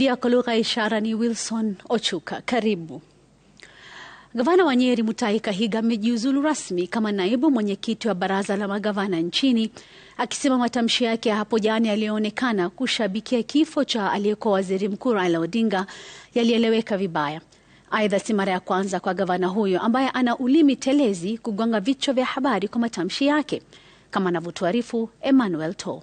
Anayekusaidia kwa lugha ya ishara ni Wilson Ochuka. Karibu. Gavana wa Nyeri Mutahi Kahiga amejiuzulu rasmi kama naibu mwenyekiti wa baraza la magavana nchini, akisema matamshi yake ya hapo jana yaliyoonekana kushabikia kifo cha aliyekuwa waziri mkuu Raila Odinga yalieleweka vibaya. Aidha, si mara ya kwanza kwa gavana huyo ambaye ana ulimi telezi kugonga vichwa vya habari kwa matamshi yake, kama anavyotuarifu Emmanuel To.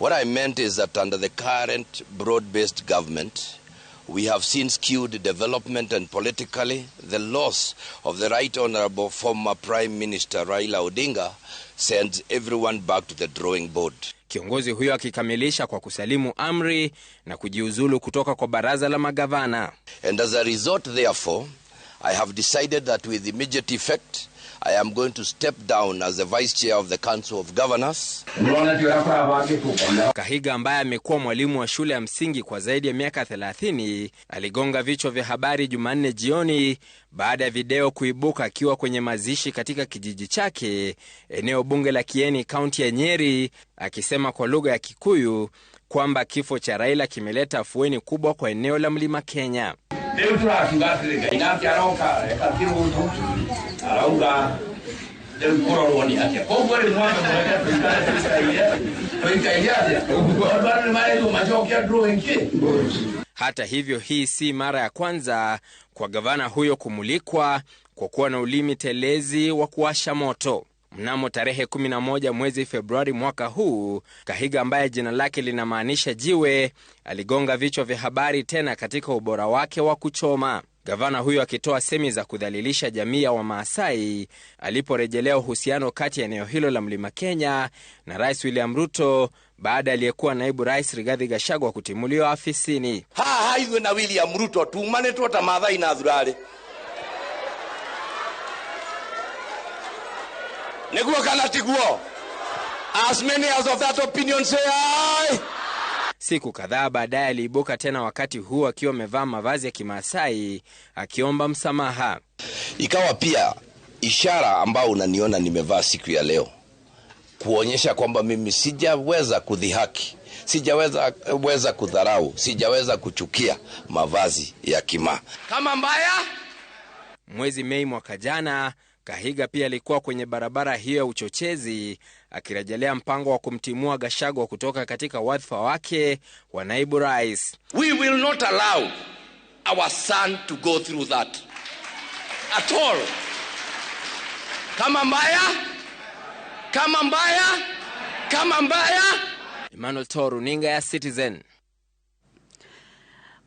What I meant is that under the current broad-based government, we have seen skewed development and politically the loss of the right honorable former prime minister Raila Odinga sends everyone back to the drawing board. Kiongozi huyo akikamilisha kwa kusalimu amri na kujiuzulu kutoka kwa baraza la magavana. And as a result therefore, I have decided that with immediate effect I am going to step down as the vice chair of the council of governors. Kahiga ambaye amekuwa mwalimu wa shule ya msingi kwa zaidi ya miaka 30 aligonga vichwa vya habari Jumanne jioni baada ya video kuibuka akiwa kwenye mazishi katika kijiji chake eneo bunge la Kieni, kaunti ya Nyeri, akisema kwa lugha ya Kikuyu kwamba kifo cha Raila kimeleta afueni kubwa kwa eneo la Mlima Kenya alaunga woni hata hivyo hii si mara ya kwanza kwa gavana huyo kumulikwa kwa kuwa na ulimi telezi wa kuwasha moto Mnamo tarehe 11 mwezi Februari mwaka huu, Kahiga ambaye jina lake linamaanisha jiwe, aligonga vichwa vya habari tena katika ubora wake wa kuchoma. Gavana huyo akitoa semi za kudhalilisha jamii ya Wamaasai aliporejelea uhusiano kati ya eneo hilo la mlima Kenya na Rais William Ruto baada aliyekuwa naibu rais Rigathi Gachagua kutimuliwa afisini. haha na William Ruto tumane twota mathai na thurari niguo kana tiguo as many as of that opinion say aye Siku kadhaa baadaye aliibuka tena, wakati huu akiwa amevaa mavazi ya Kimaasai akiomba msamaha. Ikawa pia ishara ambayo unaniona nimevaa siku ya leo kuonyesha kwamba mimi sijaweza kudhihaki, sijaweza weza kudharau, sijaweza kuchukia mavazi ya Kimaa kama mbaya. Mwezi Mei mwaka jana Kahiga pia alikuwa kwenye barabara hiyo ya uchochezi akirejelea mpango wa kumtimua Gashagwa kutoka katika wadhifa wake wa naibu rais. We will not allow our son to go through that at all. Kama mbaya, kama mbaya, kama mbaya. Emmanuel Toruninga ya Citizen.